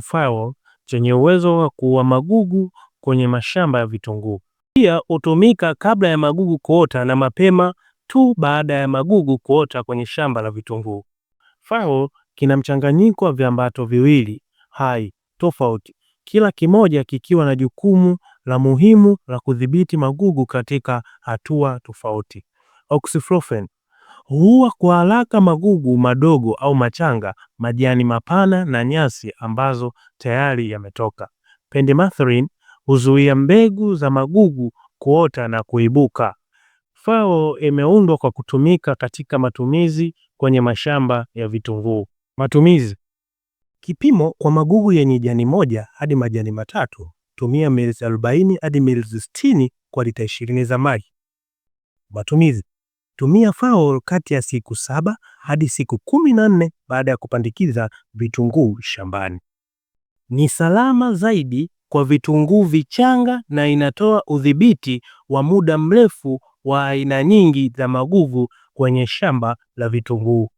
Firewall chenye uwezo wa kuua magugu kwenye mashamba ya vitunguu. Pia hutumika kabla ya magugu kuota na mapema tu baada ya magugu kuota kwenye shamba la vitunguu. Firewall kina mchanganyiko wa viambato viwili hai tofauti, kila kimoja kikiwa na jukumu la muhimu la kudhibiti magugu katika hatua tofauti. Oxyflofen huwa kwa haraka magugu madogo au machanga, majani mapana na nyasi ambazo tayari yametoka. Pendimethalin huzuia mbegu za magugu kuota na kuibuka. FAO imeundwa kwa kutumika katika matumizi kwenye mashamba ya vitunguu. Matumizi: kipimo kwa magugu yenye jani moja hadi majani matatu, tumia ml 40 hadi ml 60 kwa lita 20 za maji. Matumizi: Tumia FAO kati ya siku saba hadi siku kumi na nne baada ya kupandikiza vitunguu shambani. Ni salama zaidi kwa vitunguu vichanga na inatoa udhibiti wa muda mrefu wa aina nyingi za magugu kwenye shamba la vitunguu.